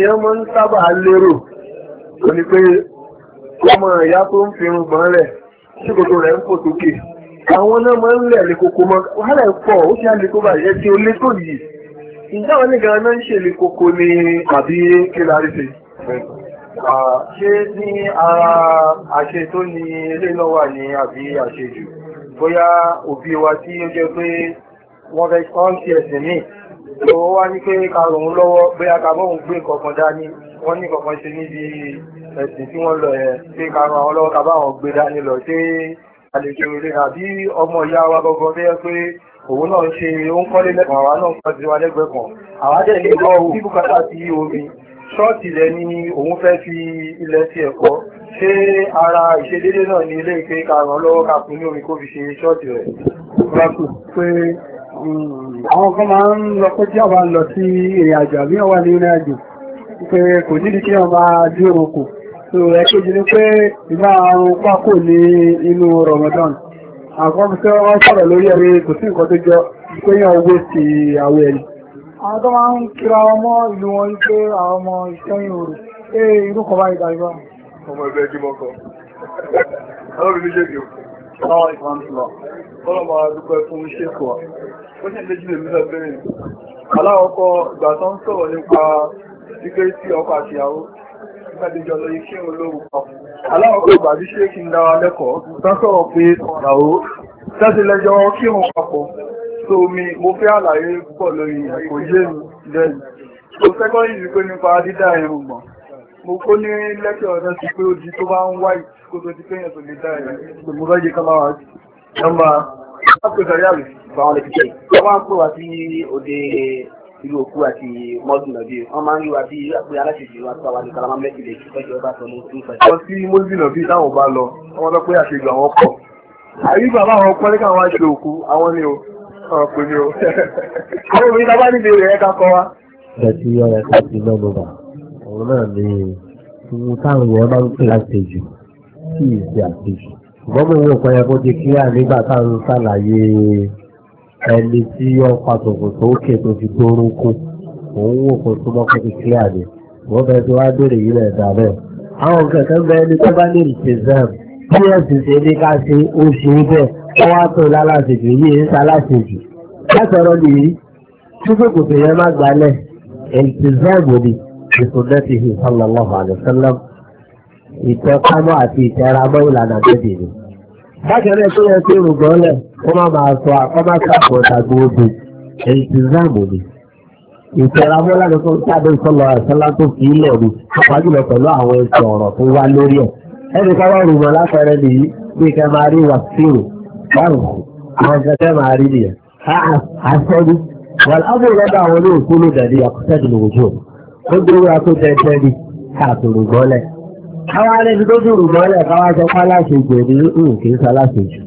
èèyàn máa ń sábà lérò kò ní pé ọmọ ìyá tó ń fi irùngbọ̀n rẹ̀ tí kòtò rẹ̀ ń fò sókè àwọn náà máa ń lẹ̀ lè koko mọ́ wàhálà ẹ̀ pọ̀ ó ṣe àlè tó bàjẹ́ tí ó lé tó yìí ǹjẹ́ àwọn nìkan náà ń ṣèlè koko ni àbí kí lárí ṣe ṣé ní ara àṣẹ tó ní ilé náà wà ní àbí àṣejù bóyá òbí wa tí ó jẹ́ pé wọ́n fẹ́ ọ́n ẹ̀sìn míì Òwò wá ní pé ká ràn wọ́n lọ́wọ́ bóyá ká bọ́hùn gbé kọ̀ọ̀kan dání. Wọ́n ní kọ̀ọ̀kan ṣe níbi ẹ̀sìn tí wọ́n lọ ẹ̀ pé ká ràn wọ́n lọ́wọ́ ká báwọn gbé dání lọ ṣé àlejò rẹ̀ àbí ọmọ ìyá wa gọ́gọ́ bẹ́ẹ̀ pé òun náà ṣe ó ń kọ́lé lẹ́kọ̀ọ́ àwa náà kọ́ sí wa lẹ́gbẹ̀ẹ́ kan. Àwa dẹ̀ ní gbọ́ òun bíbù kátà sí omi. Ṣọ́ọ̀tì rẹ̀ ni òun fẹ́ fi ilẹ̀ sí ẹ̀kọ́. Ṣé ara ìṣedédé náà ni ilé ìpé ká ràn lọ́wọ́ ká fún àwọn kan máa ń lọ pé tí ọba ń lọ sí ìrìn àjò àbí ọwà ní ìrìn àjò pé kò nídìí kí ọba dí orun kù so ẹ̀kejì ni pé ìgbà àrùn pákó ní inú Ramadan àkọ́kọ́ tí wọ́n sọ̀rọ̀ lórí ẹ̀rí kò sí nǹkan tó jọ pé yàn owó sí àwọ̀ ẹ̀rí. àwọn tó máa ń kíra ọmọ ìlú wọn pé àwọn ọmọ ìṣẹ́yìn òru pé irú kan bá ìdájọ́. ọmọ ẹgbẹ́ ẹgbẹ́ mọ́kọ ọlọ́run ní ṣèkì ọlọ́run ìfọ̀n tó lọ ọlọ́run máa dúpẹ́ fún ṣèkì ó sì méjì lè mílọ bẹ́rẹ̀ aláwọ̀kọ́ ìgbà tó ń sọ̀rọ̀ nípa wípé sí ọkọ àti ìyàwó nígbàdéjọ lọ iṣẹ́ olóhùn kan aláwọ̀kọ́ ìgbà tí ṣé kí n dára lẹ́kọ̀ọ́ tó sọ̀rọ̀ pé ìyàwó tẹ́sí lẹ́jọ́ kí òun papọ̀ so mi mo fẹ́ àlàyé púpọ̀ lórí ẹ̀kọ́ yé mi lẹ́yìn so second yìí pé nípa dídá irun gbọ̀n mo kó ní lẹ́kẹ̀ ọ̀dọ́ sí pé ó di tó bá ń wáyé kó tó di pé èèyàn tó lè dá irun gbọ̀n mo fẹ́ yẹ ká máa nọ́mbà Áfíríkàrí àwọn olùkíkẹ́ yìí. Wọ́n máa ń pè wá sí òde ìlú òkú àti mọ́ọ̀dù náà bíi wọ́n máa ń rí wa bí pé aláṣẹjì wa tó wà ní kalama mẹ́tì lè ṣe fẹ́jọ́ bá tọ́lú tó fẹ́. Wọ́n sí mọ́ọ̀dù náà bíi táwọn bá lọ, wọ́n lọ pé àṣejù àwọn pọ̀. Àyí bàbá àwọn ọkọ ní káwọn aṣọ òkú, àwọn ni o, àwọn pè ní o. Àwọn obìnrin tábà níbi rẹ̀ ẹ̀ka kọ wa. Ẹ ti yọ ẹ ká ti lọ́nu bà, òun náà ni ohun táwọn yẹn máa ń pè láṣejù, kí ì ṣùgbọ́n mo wo nǹkan yẹn kó ti kíyà nígbà tá à ń ṣàlàyé ẹni tí ó pa tòkòtò òkè tó fi dóró kó òun wò kó súnmọ́ kó ti kíyà ni wọ́n bẹ tí wàá béèrè yìí rẹ̀ dà bẹ́ẹ̀. àwọn kẹ̀kẹ́ bẹ ẹni tó bá ní ìṣèzẹ́m tí ẹ̀sìn ṣe ní ká ṣe ó ṣe é bẹ́ẹ̀ kó wá tó lálàṣejù yìí ń ṣaláṣejù. látọ̀rọ̀ nìyí tí kòkòtò yẹn má gbalẹ̀ ìṣèzẹ́m òní ìṣòdẹ́tì sallallahu alaihi wasallam ìtẹkámọ́ àti ìtẹramọ́ ìlànà bẹ́ẹ̀ ni. bákan náà tó yẹ kí irùngbọ̀n lẹ̀ kó ma máa sọ àkọ́másá àpọ̀tàgbò obì èyí ti záàmù ni. ìtẹramọ́ lánàá tó ń sábẹ́ àṣálá tó fi ilẹ̀ mi pàápàá jùlọ pẹ̀lú àwọn ẹsẹ̀ ọ̀rọ̀ tó wá lórí ẹ̀. ẹnì kan wá rùmọ̀ lápẹẹrẹ nìyí bí máa rí báwo àwọn máa rí nìyẹn. Àwọn alẹ́bí tó dùrù mọ́lẹ̀ káwá sọ pé aláṣejù ní nǹkan sọ aláṣejù.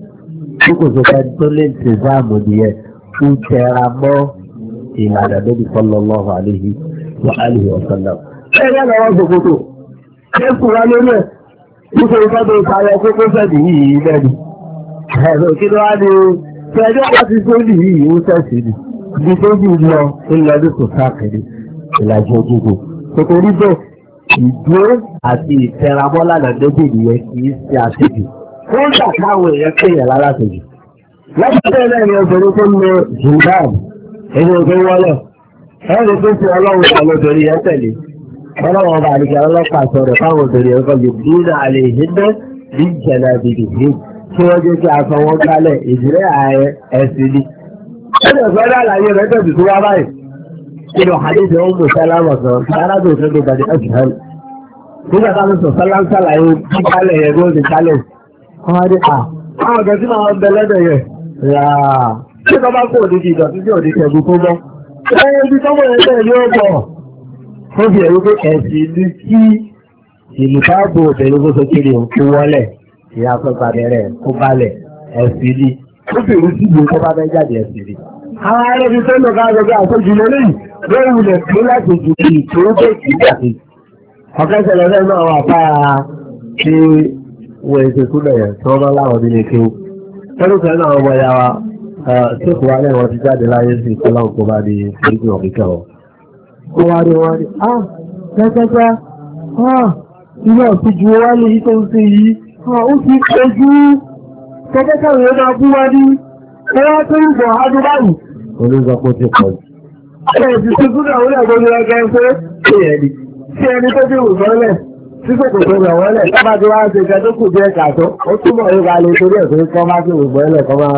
Tí kò sọ pé tó lè ṣe záàmù nìyẹn tó tẹra mọ́ ìlànà lórí sallallahu alaihi wa alihi wa sallam. Ṣé ẹ lọ́wọ́ ṣòkòtò? Ṣé kùrọ̀ lórí ẹ̀? Ṣé ìfẹ́ tó parẹ́ kókó sẹ́dì yìí yìí bẹ́ẹ̀ ni? Ẹ̀rọ kí ló wá ní ṣe ẹjọ́ bá ti tó lì yìí ó sẹ̀sì ni. Ibi tó jù lọ ń lọ ní kò sáà kiri ìlàjì ojúgbò. Kòkòrí bẹ́ẹ̀ ìdúró àti ìtẹramọ́ lànà débi nìyẹn kì í ṣe àṣejù wọ́n gbà káwọn èèyàn kéèyàn lára ṣèjù. lọ́pọ̀lọpọ̀ náà ni obìnrin tó ń lo zimbabwe ẹni ogun wọlé ẹni tó ti ọlọ́run sọ̀rọ̀ obìnrin yẹn tẹ̀lé ọlọ́run ọba àlejò ọlọ́pàá sọ̀rọ̀ fáwọn obìnrin yẹn kọjú nínú àlè ìhíndé ní ìjẹ̀lẹ̀ àbìdì yìí tí wọ́n jẹ́ kí aṣọ wọn gbálẹ̀ ìdílé ààrẹ ẹ̀sìn ni. ẹni ọ̀sán láàlàyé rẹ̀ tẹ̀sí tó wá báyìí. إنه حديث أم سلامة كانت تجد أن nígbà táwọn sọ sálánsálà yìí bí kálẹ̀ yẹ bí ti kálẹ̀ wọ́n á dé à àwọn ọ̀dọ́ tí máa ń bẹ lẹ́dọ̀ yẹ yàá tí wọ́n bá kó òdìdí ìdọ̀tí tí òdìdí ẹ̀gún tó gbọ́ ẹ̀yẹ ibi tọ́mọ̀ yẹn bẹ́ẹ̀ ni ó bọ̀ ó fi ẹ̀rú pé ẹ̀sìn ní kí ìlú káàbò obìnrin kó sókèrè òkú wọlé ìyá tó gbàbẹ̀rẹ̀ kó balẹ̀ ẹ̀sìn ní ó fi ìrú síbi tó bá fẹ́ jáde ẹ̀sìn ní. àwọn arẹ́bí tó lọ ká ọ̀kan ṣẹlẹ̀ náà wà fáà tí wọ́n ṣe súnà yẹn tí bá láwọn nílé kí ó tẹ́lú náà ọmọ ya wa tí kò wá lẹ́yìn wọn ti jáde láyé sí ìpínlẹ̀ òkú bá di ìgbìmọ̀ kíkẹ́ wọn. ó wá rí wọn rí á pẹ́pẹ́pẹ́ á ilé ọ̀sìn ju wá lè yí tó ń ṣe yìí ah, ó ti pẹ́jú pẹ́pẹ́ káwọn yóò máa bú wá ní ẹ tí ẹni tó bí sọ́lẹ̀ tí kò kò tó rẹ̀ wọ́lẹ̀ tábà tí wọ́n á ṣe kẹ́tó kù díẹ̀ kàtó ó túmọ̀ yóò bá lè torí ẹ̀sìn kọ́ máa fi wù sọ́lẹ̀ kọ́ máa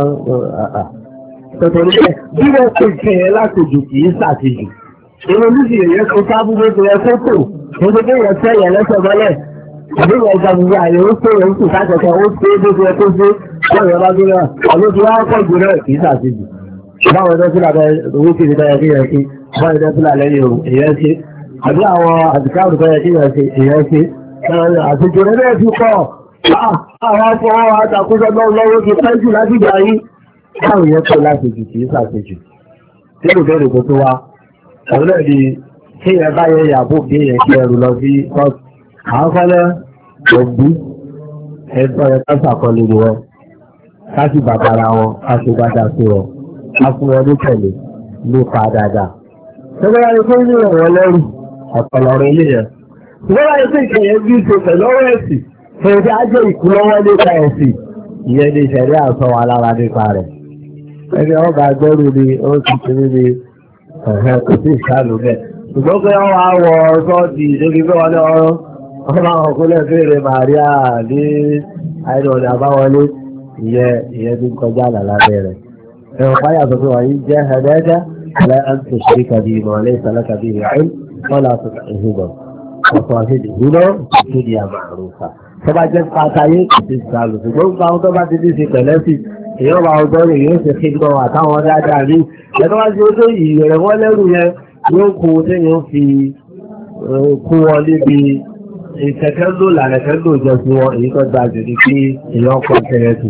tòtòrí ẹ̀ bí wọ́n ṣe jẹ́ ẹ láti jù kì í ṣàtìjù ìwé oníṣì èyẹ kan sábú gbogbo ẹ fótò gbogbo bí wọ́n tẹ̀yẹ lẹ́sẹ̀ mọ́lẹ̀ àbí wọ́n gba gbogbo àyè ó pé òun kù sákẹ̀kẹ́ ó pé gbogbo ẹ tó ṣe wọ́n bá gbé náà àlójú wa pọ̀ jù náà kì í ṣàtìjù báwọn ẹ̀dọ́ bẹ́ẹ̀ owó kiri bẹ́ẹ̀ kí yẹn kí báwọn ẹ̀dọ́ lẹ́yìn òun èyẹ ṣe àbí àwọn àtìkáàrù tó yẹ kí èèyàn ṣe àṣejò rẹ̀ bẹ́ẹ̀ ti pọ̀ ah, ah, àwọn afọwọ́ àtàkùnṣe lọ́wọ́ bàbára wọn ká sì sí wọn ká fún wọn tẹ̀lé ní pa dáadáa. Ṣé ikú ní ìrànwọ́ lẹ́rù? àpàlọ̀rọ̀ ilé yẹn. Wọ́n láyé pé ìkẹyẹ bí ṣe pẹ̀lú ọwọ́ ẹ̀sìn fèrè ajẹ́ ìkúlọ́wọ́ nípa ẹ̀sìn ìyẹn ní ìṣẹ̀lẹ̀ àṣọ wa lára nípa rẹ̀. Ẹni wọn bá gbẹ́rù ni ó ti ti rí ni kò sí ìṣàlù bẹ́ẹ̀. Ṣùgbọ́n pé wọ́n wá wọ sọ́ọ̀dì níbi bí wọ́n ní wọ́n máa hàn kúlẹ̀ fèrè Màríà ní ولا تطعهما وصاحبهما في الدنيا معروفة tọ́ba jẹ́ pátáyé ti sàlù ṣùgbọ́n gba ọdọ́ bá ti ní ṣe pẹ̀lẹ́ sí èyàn bá ọdọ́ rẹ̀ yóò ṣe kíkọ́ àtàwọn dáadáa rí ẹ̀tọ́ bá ṣe ojú ìrẹ̀ wọ́n lẹ́rù yẹn yóò kó téèyàn fi kú wọn níbi ìṣẹ̀kẹ́lò làrẹ̀kẹ́lò jọ sí wọn èyí tó gba jù ní kí èyàn kọ́ kẹrẹ́sì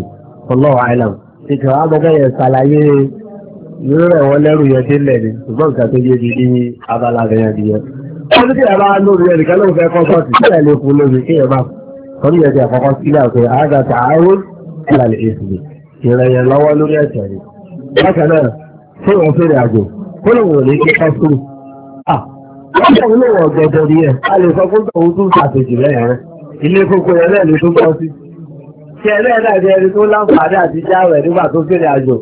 ọlọ́run àìlàn ìkẹ̀wá gbọ́dọ̀ yẹn ṣàlàyé ìrírẹ̀ wọn lẹ́rù yẹn dé lẹ̀ ni ṣùgbọ́n nǹkan tó yé di ní abala rẹ̀ yẹn nìyẹn. wọ́n ní kí ẹ bá lórí ẹ̀ nìkan lóun fẹ́ kọ́ sọ́ọ̀tì kí ẹ lè fún lórí kí ẹ máa sọ́ọ́nì yẹn ti àkọ́kọ́ sílẹ̀ pé àádọ́ tààrùn ìlànà èsì ìrẹ̀ yẹn lọ́wọ́ lórí ẹ̀sẹ̀ rẹ̀. bákan náà ṣé wọ́n fèrè àjò kó lóun ò ní kí kọ́ sùn. ọ̀sán ló wọ̀ gẹ̀dẹ̀ ni ẹ̀ a sí. ṣé ẹ náà dàbí ẹni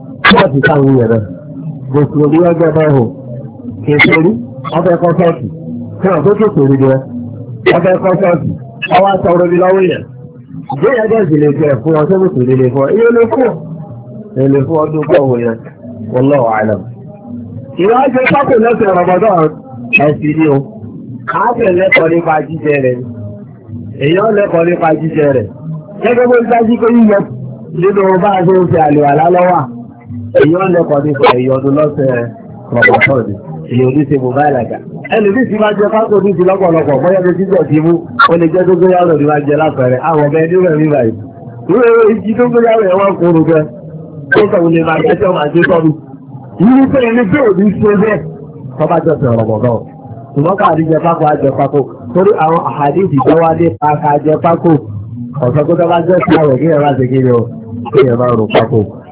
láti sáwọn yẹn náà gbèsè orí ọjọ́ hù kì sórí ọbẹ̀ kọ́sọ́ọ̀tì tí wọ́n tó kéèké rí jẹ́ ọbẹ̀ kọ́sọ́ọ̀tì ọwọ́ àtọ̀rọ̀ mi lọ́wọ́ yẹn gbéyà dẹ̀ sì jẹ́ fún ọjọ́ mùsùn lè fún iye lè fún ọ lè fún ọdún kọ́wọ́ yẹn wọ́n lọ́wọ́ àlọ́ ìwà jẹ́ sákò lẹ́sẹ̀ ẹ̀sìn ni o káàbẹ̀ lẹ́kọ̀ọ́ nípa lẹ́kọ̀ọ́ nípa jíjẹ rẹ̀ èyí ó lẹ́kọ̀ọ́ nípa èyí ọdún lọ́sẹ̀ rọ̀pọ̀tọ́ọ̀dì èyí ò ní ṣe mobile àgà ẹni ní ti máa jẹ pákó ní ti lọ́pọ̀lọpọ̀ bóyá ní títọ̀ ti mú ó lè jẹ́ gbogbo yàrá ní máa jẹ lápẹẹrẹ àwọn ọmọ ẹni rẹ̀ nígbà yìí ìwé ìwé ìjì gbogbo yàrá ẹ̀ wọ́n kúrú gan ó kàn lè máa jẹ́ tí ọmọ àti tọ́lu yìí pé ẹni tí ò ní ṣe bẹ́ẹ̀ tó bá jọ sọ̀rọ̀ bọ̀ náà ṣùgbọ́n ká àdíjẹ pákó àjẹ pákó torí àwọn àdíjì tó wá dé pàkà àjẹ pákó ọ̀sán tó tó bá jẹ́ sí àwẹ̀ kí ẹ má ṣe kí ni ó kí ẹ má rò pákó.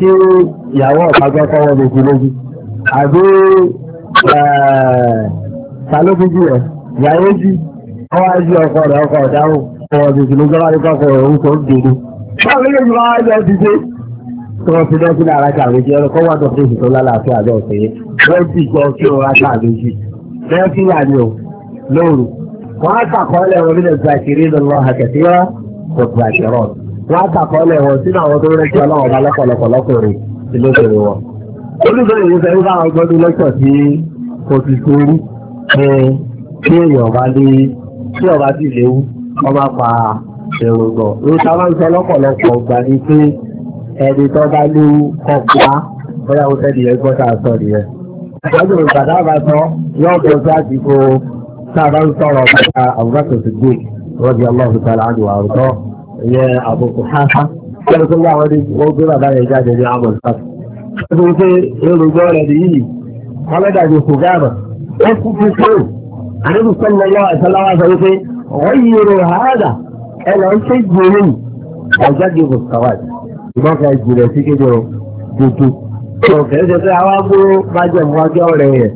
tí ìyàwó ọ̀pájọ́ fọwọ́ méjì lójú àbí ṣàlóbíjì eh, ẹ̀ ìyàwó jù ọwọ́ jù ọkọ rẹ̀ ọkọ ọ̀dáhùn fọwọ́ méjì lójú ọwọ́ nípa ọkọ rẹ̀ orúkọ ń gbèrú. báwo ló yẹ wá ẹjọ́ ti dé tí wọ́n ti lọ sí ara kàméjì ọ̀rọ̀ kọ́ wà tó fèsì tó lálàáfíà àjọ òṣèré wọ́n sì jọ kí o ra kàméjì wọ́n á wọn sínú àwọn tó rẹ́jì ọlọ́run ọba lọ́pọ̀lọpọ̀ lọ́kùnrin ìlókèrè wọn. olùbẹ̀rẹ̀ yìí fẹ́ẹ́ bá wọn gbọ́dún lọ́sọ̀ tí kò ti sórí kí èèyàn bá lé tí ọba sì léwu wọ́n bá pa èròǹgbọ̀. ìta máa ń sọ lọ́pọ̀lọpọ̀ gbà ní pé ẹni tó bá léwu kọ̀ pa bóyá o tẹ́lẹ̀ yẹn gbọ́ sáà sọ nìyẹn. lọ́jọ́ ìgbàdá bá sọ ìyẹn àbùkù háhá kẹ́lẹ́ tó láwọn ní wọ́n gbé bàbá yẹn jáde ní àmọ̀ ìfà. ó ti pé èròjọ́ rẹ̀ nìyí kọ́lẹ́dà ní kò gáàmà wọ́n kú fún kúrò àdébù sọ́lọ́ lọ́wọ́ ìsọ́láwà sọ wípé wọ́n yí èrò hàádà ẹ lọ ń ṣe jìnrìn ọjọ́ di mùsùlùmí ìmọ̀ kan jìnrìn sí kéde o dúdú. ọ̀kẹ́ ṣe pé àwa mú májèmú ọjọ́ rẹ̀ yẹn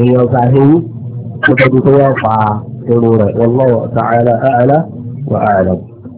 èèyàn kà hẹ́yìn kó tó di tó yọ fa èrò rẹ̀ wọ́n lọ́wọ́ sàárà àlà wà àlà.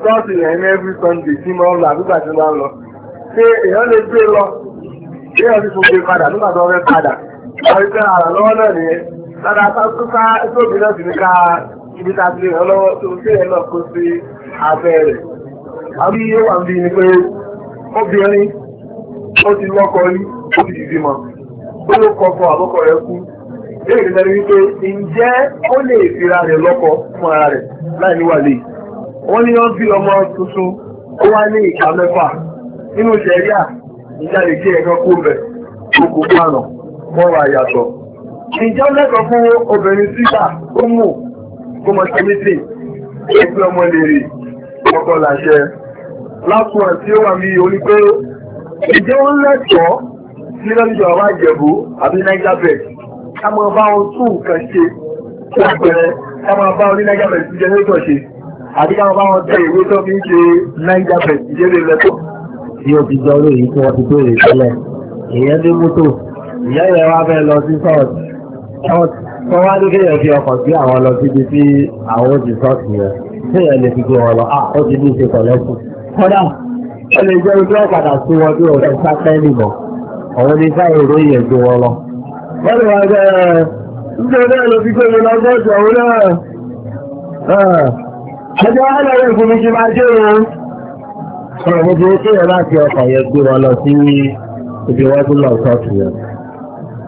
ṣọ́ọ̀ṣì rẹ̀ ní every Sunday tí mo ń lọ àdúgbà tí mo ń lọ. Ṣé èèyàn lè lọ? Ṣé èèyàn ti fò gbé padà nígbà tó fẹ́ padà? Àwọn ìfẹ́ àrà lọ́wọ́ náà nìyẹn. Lára tó ká tóbi náà ibi tá a ti lè rán lọ́wọ́ tó ṣé ẹ̀ náà kó sí abẹ́ rẹ̀. ni pé obìnrin ó ti lọ́kọ rí ó ti dìdì fira rẹ̀ fún wọ́n ní wọ́n bí ọmọ tuntun ó wá ní ìka mẹ́fà nínú ìṣẹ̀ríà ìjà lè gé ẹ̀kan kó bẹ̀ tó kò pàànà wọ́n wà yàtọ̀. ìjọ lẹ́kọ̀ọ́ fún obìnrin síta ó mú kó mọ sẹ́mítì ẹgbẹ́ ọmọ lèrè ọkọ̀ làṣẹ. lásùn àti ó wà mí orí pé ìjọ ń lẹ́tọ̀ọ́ sí lọ́jọ́ àwọn àjẹ̀bú àbí niger bed ká máa bá wọn tún nǹkan ṣe kí àpẹẹrẹ ká máa bá orí niger bed ṣe jẹ́ lẹ́tọ̀ ṣe àti bá wọn tẹ ìwé tó fi ń ṣe Niger ìdílé lẹ́tọ̀. bí o ti jọ lóyìn tí wọ́n ti béèrè tẹ́lẹ̀ èèyàn ní mọ́tò ìyá ìyá wa fẹ́ lọ sí sọ́ọ̀tì tó wá ní kéèyàn fi ọkọ̀ sí àwọn lọ sí bí òun àwọn ní sáà Ẹjọ́ ẹlẹ́rìí ìfúnmi ti máa jẹ́ òun. Sọ̀rọ̀ gbogbo tí ẹ bá ti ọkọ̀ yẹn gbé wọn lọ sí ibi wọn tó lọ sọ́ọ̀tù yẹn.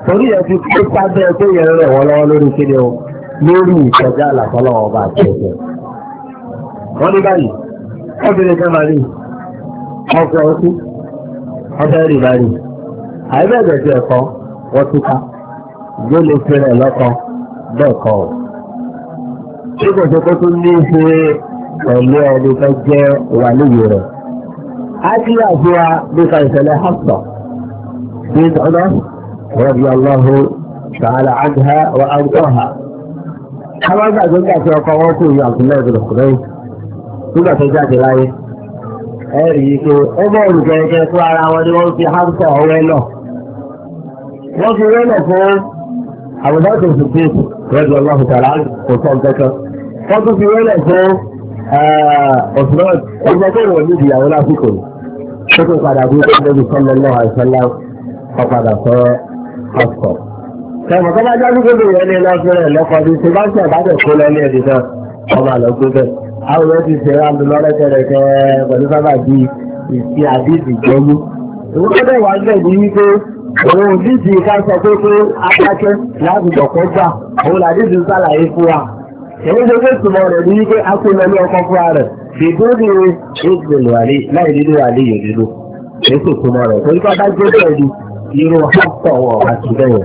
Torí ẹ ti kó sábẹ́ pé yẹn rẹ̀ wọ́n lọ́wọ́ lórí kíni o lórí ìkọjá àlàkọ́lọ́wọ́ bá ti ẹ̀jẹ̀. Wọ́n ní báyìí, ọ̀bìnrin kan máa rí ọkọ̀ ọtí, ọbẹ̀ rì máa rí. Àìbẹ̀bẹ̀ ẹ̀kọ́, wọ́n túká. Gbólé fẹ́rẹ̀ lọ́kọ̀ bẹ́ẹ̀ kọ́ ọ̀ tí kò ṣe kó tún ní í ṣe pẹ̀lú ẹni tó jẹ́ wà níyì rẹ̀. a ti yà sí wa nípa ìṣẹ̀lẹ̀ hafsa bí ọ̀nà rọ̀bì aláhu sàálà àdìhà wà àdìhà. àwọn gbàgbé nígbà tí ọkọ wọn kò yọ àbúlé ìbùdó kùnú nígbà tó jáde láyé. ẹ rí i pé ó bọ̀ olùkẹ́kẹ́ fún ara wọn ni wọ́n fi hafsa ọwẹ́ náà. wọ́n fi wẹ́lẹ̀ fún àbúdá tó fi dé rọ̀bì aláhu sàálà kò sọ wọ́n tún fi wẹ́lẹ̀ fún ọ̀sùnmọ́ ọjọ́ tó wọ̀ níbi ìyàwó lásìkò tó tún padà bí ó tẹ́lẹ̀ sọ́lọ́ náà àìsọ́lá ọ̀padà sọ ọ̀sọ̀. Ṣẹ̀mọ̀ tó bá jẹ́ gbogbo ìyẹn ní lọ́sọ̀rẹ̀ lọ́kọ̀ bí ṣe bá ń tẹ̀ bá tẹ̀ kó lọ ní ẹ̀dì náà ọmọ àlọ́ gbogbo. Àwọn ọmọ ti ṣe ráńdù lọ́rẹ́kẹ̀rẹ̀kẹ́ pẹ̀lú sábà di ìsí àdídì gbọ́mú. Ìwọ́dẹ̀ wà nílẹ̀ ní wípé òun dídì ká sọ pé pé apákẹ́ láti dọ̀kọ́ gbà òun làdídì sàlàyé fún wa èyí ló fẹ́ sùnmọ́ rẹ̀ ní wípé a kó lọ ní ọkọ̀ fúnra rẹ̀ bí dúró ní ìgbìmọ̀ àlè láì nínú àlè yòó nínú èyí sì sùnmọ́ rẹ̀ torí pé bá gbé bẹ́ẹ̀ ni irú hapọ̀ wọn ọba ti bẹ̀yẹ̀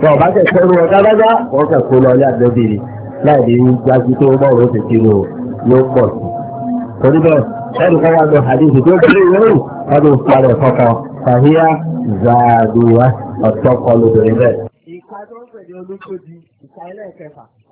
wọn ọba tẹ̀ fẹ́ rú ọ̀dá dáadáa wọn kẹ̀ kó lọ ní àgbẹ̀bìrì láì ní gbájú tó mọ̀ wọn ti ti ló ló pọ̀ sí. torí bẹ́ẹ̀ ẹnì kan wà lọ àdéhùn tó kéré ìwéwò wọn ló fa rẹ̀ kọ̀kọ̀ fàhíà zàdùwà ọ̀tọ̀ kọlu bẹ̀rẹ̀ bẹ́ẹ̀. ìka tó ń pè ní olùkọ́jú ìka ilé ẹ̀kẹfà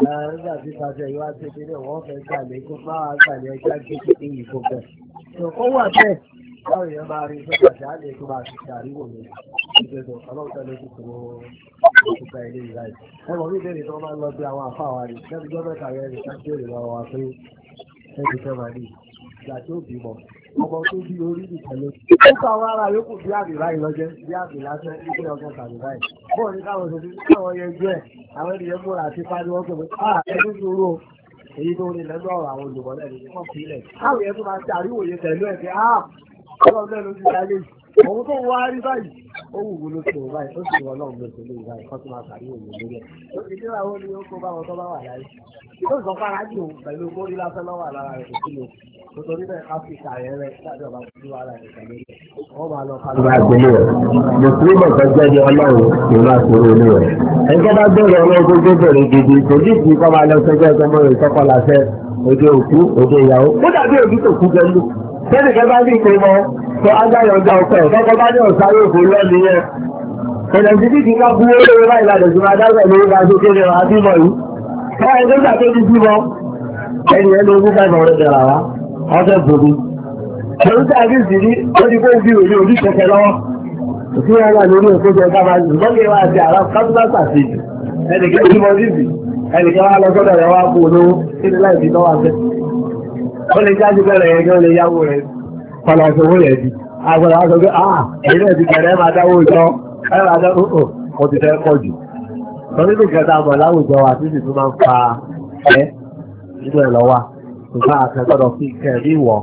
nígbà tí pàṣẹ ìwà ṣe pé ní wọ́n fẹ́ gbàlẹ̀ kó bá wa gbàlẹ̀ ẹja gbé pé yìí kó bẹ̀. ìṣòkò wà bẹ́ẹ̀ báwo yẹn máa rí iṣẹ́ pàṣẹ á lè tó máa fi wò mí. ìgbésọ̀ ọlọ́ọ̀tọ́ ló ti kò ó òkúta ilé yìí. ẹ mọ̀ bí ìbéèrè tó máa ń lọ bí àwọn àfa wa rí lẹ́nu jọ́ mẹ́ta rẹ̀ nìkan tí èrè lọ́wọ́ wa pé ẹ ti fẹ́ ìgbà tí ó bímọ ọmọ tó bí orí ìtẹ̀lé. ó sọ àwọn ará yòókù bí àmì báyìí bí àmì lásán ní kí ọgbọ́n tàbí báyìí. bọ́ọ̀ ní káwọn ṣe fi káwọn yẹjú ẹ̀ àwọn ènìyàn múra àti pariwo pé à ẹni sòrò èyí tó rí lẹ́nu ọ̀rọ̀ àwọn olùkọ́ náà nìyí wọ́n fi káwọn yẹn tó máa ṣe àríwòye pẹ̀lú ẹ̀ pé ọlọ́run lẹ́nu ti dá ó wù wú lókè òun báyìí ó sì wọ ọlọ́run ló ṣe lóyún báyìí kọ́tún máa sàrí òun lórí ẹ̀. ó ti dérà ó ní ó kó báwọn tó bá wà láyé. ó sọ fara jù pẹ̀lú mórí lásán lọ́wọ́ àlára rẹ̀ kò sí lò. nítorí bẹ́ẹ̀ áfíríkà rẹ̀ rẹ̀ ṣáàjọ bá ti wà láyé pẹ̀lú rẹ̀. wọ́n máa lọ kálu. ìgbà àgbélé rẹ̀ mùsùlùmí kan jẹ́bi ọlọ́run ìlú àkúrò ilé rẹ̀. ẹgbẹ́ bá bẹ̀rẹ̀ ọlọ́run tó gbé gidi kò ní kí kọ́ máa lọ sẹ́jọ́ ẹgbẹ́ mọ́rin sọ́kọ́ làṣẹ òde òkú òde ìyàwó. ó dàbí òbí tó kú gẹ́lú. sẹ́nìkẹ́ bá ní ìpè mọ́ tó adáyọ̀ǹda ọkọ̀ ẹ̀ bá ní ọ̀sá yóò fò lọ nìyẹn ẹ̀dẹ̀sí bí kí n bá bú lórí báyìí ládẹ̀ sí máa dáṣẹ̀ lórí bá tó kéré wá bímọ yìí báyìí tó gbà wá lọ sọ́dọ̀ rẹ̀ wá kó olówó kí ni láì ó lè jáde bẹ̀rẹ̀ yẹn kí yáwó rẹ̀ pàlàṣọwó yẹn agbára wá pé ah ẹ̀yìn náà gẹ̀rẹ́ máa dáwó ìjọ ẹ̀rọ àjọ òhò mo ti fẹ́ pọ̀ jù sọ nínú ìkẹta mọ̀ láwùjọ wa títí tó máa ń fa ẹ́ nínú ẹ̀ lọ́wọ́ ṣùgbọ́n àtẹ̀gbọ́dọ̀ fi ìkẹ́ ní ìwọ̀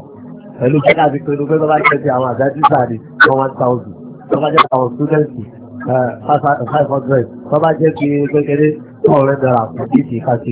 pẹ̀lú kí láti pinnu pé bá jẹ́ ti àwọn àdájísà ni one thousand tó bá jẹ́ àwọn students eh, five hundred tó jẹ́ ti kékeré two hundred naira fún títì kàṣí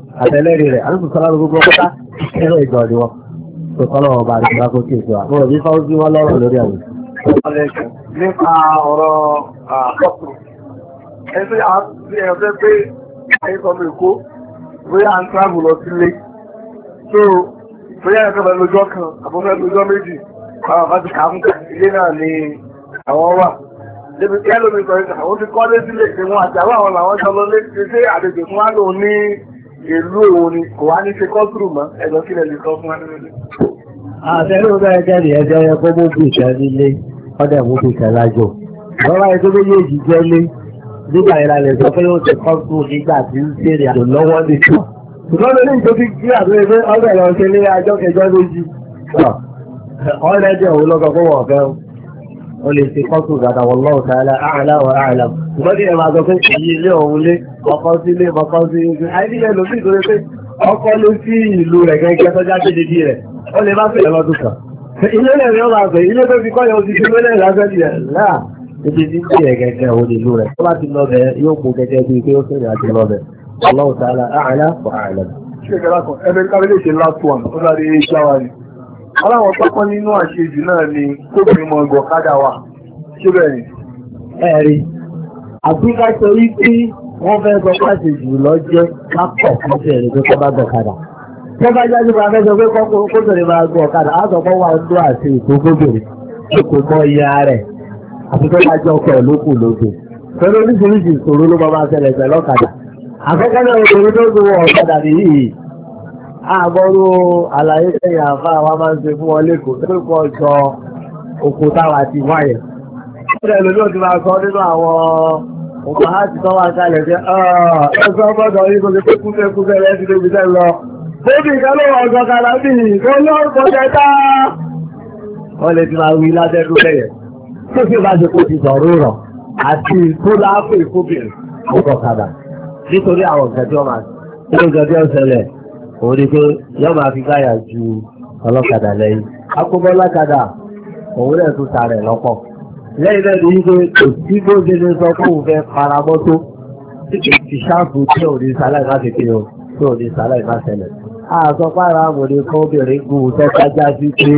àtẹlẹ́rì rẹ̀ àti gbogbo pátá nínú ìjọ wọn tó kọ́ lọ́wọ́ bá àdìgbà kó kí èso àwọn òbí fáwọn bí wọ́n lọ́rọ̀ lórí àwọn. nípa ọ̀rọ̀ àkọ́kù ẹgbẹ́ ẹgbẹ́ pé ẹ̀yẹ́sọ̀mọ̀ èkó bóyá à ń tíráàbù lọ sílé tó bóyá ẹ̀kọ́ bẹ̀rẹ̀ lójọ́ kan àbúfẹ́ lójọ́ méjì àwọn àbájú kàákùnkà ilé náà ni àwọn wà débi kẹ́lómi sọ̀rọ̀ àwọn ti kọ́ sílé ìpínwọ́n àti àwọn àwọn làwọn jọ lọ lé ṣe àdèjò fún wa ní ìlú òun ni kò wá ní ṣe kọ́tùrù mọ́ ẹ̀dọ́ kí lẹ lè sọ fún wa nínú ilé. àtẹ̀lẹ́ ọgbà ẹ̀jẹ̀ rẹ̀ ẹ̀jẹ̀ yẹ kó mú bí ìṣẹ́ nílé ọdẹ mú bí ìṣẹ́ lájọ lọ́wọ́ ẹgbẹ́ méjèèjì jẹ́ lé nígbà yẹn la lè sọ pé ó ti kọ́tù nígbà tí ń ṣèrè àjò lọ́wọ́ nìkan. ṣùgbọ́n lórí ìtòkí kí àbúrò pé ọgbà ẹ̀rọ ṣe lé ó lè ṣe kọ́tù dada wallahu ta'ala a'la wa a'lam ṣùgbọ́n kí ẹ máa sọ pé èyí ilé òun lé ọkọ̀ sí ilé ọkọ̀ sí ilé àìní ẹ lòmí ìtòrè pé ọkọ̀ ló sí ìlú rẹ̀ gẹ́gẹ́ tó jáde dídí rẹ̀ ó lè má fẹ́ lọ́dún kan ilé rẹ̀ yóò máa fẹ́ ilé tó fi kọ́ yọ sí ilé rẹ̀ lásán ni ẹ̀ náà ibi tí kí ẹ̀ gẹ́gẹ́ òun ìlú rẹ̀ tó bá ti lọ bẹ̀ yóò mú gẹ́gẹ́ bí pé ó fẹ́rẹ̀ àti lọ bẹ̀ wallahu ta'ala a'la wa a'lam. ṣé ìgbàlá kan ẹgbẹ́ kábílẹ̀ ṣe last one ó lárí aláwọn tọ́kọ́ nínú àṣejù náà ni kóbìnrin mọ ọgọ̀ kádà wà ṣébẹ̀ ni. ẹ̀rí àbíká torí tí wọ́n fẹ́ sọ pé àṣejù lọ́jẹ́ kápọ̀ fún tẹ̀lé pé kọ́ bá gbọ̀ kádà. tó bá jáde bá fẹ́ sọ pé kóbìnrin máa gbọ̀ kádà á sọ pé wà ń lo àṣe ètò kóbìnrin kò mọ iye rẹ̀ àti tó bá jọ ọkọ̀ lókù lóde. pẹ̀lú oríṣiríṣi ìṣòro ló máa máa ṣẹlẹ̀ pẹ̀lú ọ̀kadà. àkọ́kọ́ náà àbọ̀rú àlàyé sẹ́yìn àfá wa máa ń ṣe fún wọn lẹ́kọ̀ọ́ tó pọ̀ jọ òkú táwa ti wáyẹ̀. Ìpínlẹ̀ lójú ti máa sọ nínú àwọn ọmọ àti tó wà kalẹ̀ jẹ́ ọ̀sán gbọ́dọ̀ yìí gbogbo pé kúfẹ́ kúfẹ́ rẹ̀ ti débi tẹ́ lọ. Bébì kan ló wọ ọ̀gọ́ kàrà bí ìgbó lọ́rùkọ jẹta. Wọ́n lè ti máa wí ládẹ́rú bẹ̀yẹ̀. Tó fi bá ṣe kó ti dọ̀rú rọ̀ àti tó láàpù ìkóbìnrin ọ̀gọ́ kàrà nítorí àwọn ìgbẹ́jọ́ òun ni pé yóò máa fi gáyà ju ọlọ́kadà lẹ́yìn akóbọ́ ọlọ́kadà òun náà tún sàrẹ̀ lọ́pọ̀ lẹ́yìn náà ní pé kò sí bó ṣe lè sọ fún òun fẹ́ para mọ́tò tí kò ti ṣáàbù tí òun ní sáláì má ṣe kéwòn tí òun ní sáláì má ṣẹlẹ̀ àṣọ para mo ní kó obìnrin gùn tọ́ka já sí pé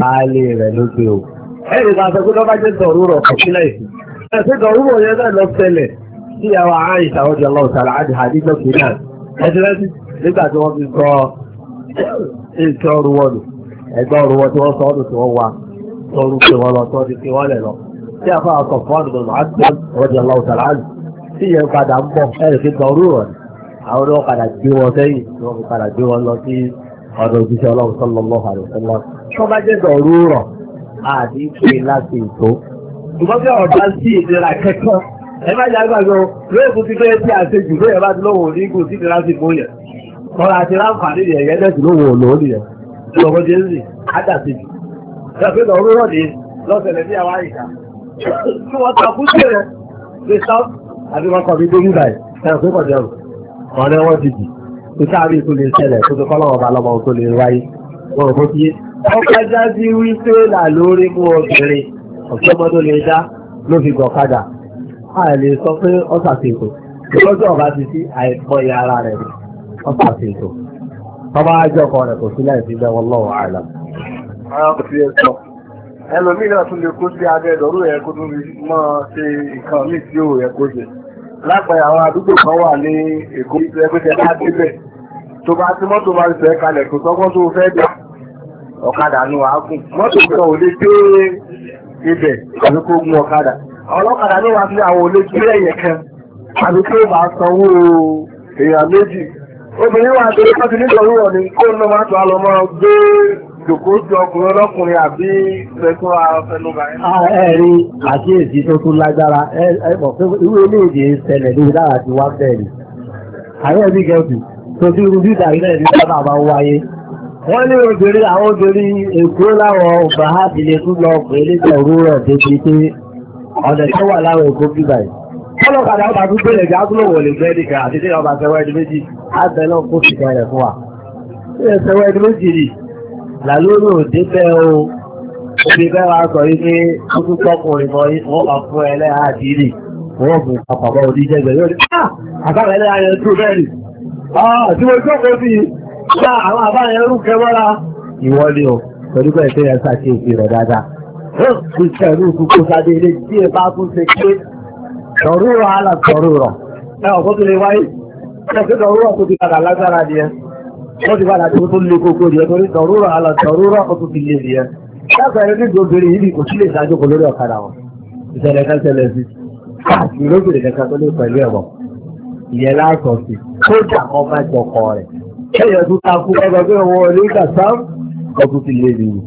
baálé rẹ̀ ló gbé o ẹnì kan sọ pé lọ́ba jẹ́ dọ̀rú rọ̀ kò sílẹ̀ ìsìn ẹ̀sìn dọ̀rú rọ̀ yẹn náà lọ ṣẹlẹ̀ sí àwọn àìsàn ọjọ́ ọlọ́ọ̀tà àdìhàdì lọ́kùnrin náà nígbà tí wọ́n fi sọ ìṣọ́ orúwọ́dù ẹgbẹ́ orúwọ́ tí wọ́n sọ ọdún tí wọ́n wà tó rú pé wọ́n lọ tó di wọ́n lẹ̀ lọ tí a fáwọn kan fọ́ọ̀dù lọ́nà àgbẹ̀ ọ̀dẹ̀ ọ̀la ọ̀sàlá àlù tí ìyẹn padà ń bọ̀ ẹ̀rì fi gan rúrọ̀ ni àwọn ni wọ́n padà gbé wọn sẹ́yìn wọ́n fi padà gbé wọn lọ sí ọ̀dọ̀ òjíṣẹ́ ọlọ́run sọ́lọ́lọ́ ẹ má jà gbàgbọ́ ti fẹ́ tí àṣejù lóyè bá ti lóhùn ní gùn títí láti mú yẹn kọ́ra àti láǹfààní yẹn yẹn dẹ̀sí lóhùn òlò nìyẹn lọ́wọ́ jẹ́ sí àdàṣejù. ṣàfihàn lọ rúrọ̀ ní lọ́sẹ̀lẹ̀ ní àwọn àyíká tí wọ́n ta kú sí rẹ̀ lè sá àbí wọn kọ̀ mí dé nígbà yìí ẹ̀rọ pé kọ̀jọ́ ọ̀rẹ́ wọn ti dì ti kọ́ lọ́wọ́ bá lọ́mọ a lè sọ pé ọ̀sà ti tò lọ́jọ́ ọba ti sí àìkọ́ ìyá ara rẹ̀ ọba ajọ́ ọkọ rẹ̀ kò sílẹ̀ sí bẹ́ẹ̀ wallahu a'lam. ara kò tún lè kó sí abẹ́ ìdọ̀rú kó tún mọ́ ṣe nǹkan míì kan wà ní Èkó bá débẹ̀ tó bá tí mọ́tò bá kalẹ̀ kò sọ́kọ́ tó fẹ́ ọ̀kadà nù àákùn mọ́tò kan ọlọ́kadà ní wàá fi àwọn olójú ẹ̀yẹ kan àbí tí ó bá sanwó èèyàn méjì obìnrin wà tó lọ́kọ́ ti ni kó ló máa tó a lọ mọ́ gbé jòkó ju ọkùnrin ọlọ́kùnrin àbí fẹ́tún afẹnubà yẹn. ẹ̀rí àkíyèsí tó tún lágbára ẹ pé irú eléyìí wá bẹ́ẹ̀ ni tó ti rú ní sábà wọ́n ní obìnrin àwọn obìnrin èkó láwọn ọgbà ábìlẹ̀ tún lọ ọ̀dẹ̀ tó wà láwọn èkó bí báyìí ọlọ́kadà ọba tó gbé lẹ́gbẹ̀ẹ́ agúlọ̀wọ̀ lè gbẹ́ nìkan àti tí ọba sẹ́wọ́ ẹni méjì àgbẹ̀ náà kó sì kan fún wa ṣé sẹ́wọ́ ẹni méjì rì làlórí òde bẹ́ẹ̀ o òbí bẹ́ẹ̀ wá sọ yìí pé ó tún tọkùnrin mọ́ yìí wọ́n máa fún ẹlẹ́yà àdìrì wọ́n bù àpapọ̀ oníjẹ́gbẹ̀ yóò ní ah! àbára ẹlẹ́yà yẹn tó bẹ́ẹ̀ rì ah! tí mo jókòó sí i àwọn àbára yẹn rú kẹmọ́ra o pẹ̀lú bẹ́ẹ̀ tẹ́yẹ sàkíyèsí rẹ̀ kò tẹ̀lú kòkó sáde ilé tí ẹ bá tún ṣe pé dọ̀rúrọ̀ àlà dọ̀rúrọ̀ ẹ ọ̀pọ̀ tó lè wáyé ẹ pé dọ̀rúrọ̀ tó ti padà lágbára ni ẹ wọ́n ti padà tó tó lè kókó ni ẹ torí dọ̀rúrọ̀ àlà dọ̀rúrọ̀ ó tún ti lè ni ẹ ṣáàtà ẹni tó bèrè yìí kò sí lè ṣáájú kò lórí ọ̀kadà wọn ìṣẹ̀lẹ̀ kan ṣẹlẹ̀ sí káàkiri lóbìnrin kankan tó lè pẹ̀lú ẹ̀wọ̀n ìyẹn láàtọ̀ sí kódà kan bá jọkọ rẹ̀ ẹ̀yọ̀ tó ta kú ẹgbẹ́ wọn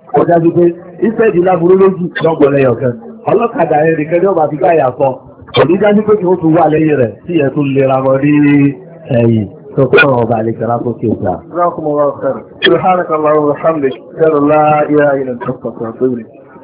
kọjá sí pé ìfẹ́ẹ̀dì láburú lójú lọ́gbọ̀n lẹ́yìn ọ̀kan ọlọ́kadà yẹn nìkan ní ọba àfikà yàtọ̀ òní dájú pé kí wọ́n tún wà lẹ́yìn rẹ̀ tí yẹn tún lera wọn ní ẹ̀yìn tó kọ́ ọ̀rọ̀ ọba àlejò alákòókè ìgbà.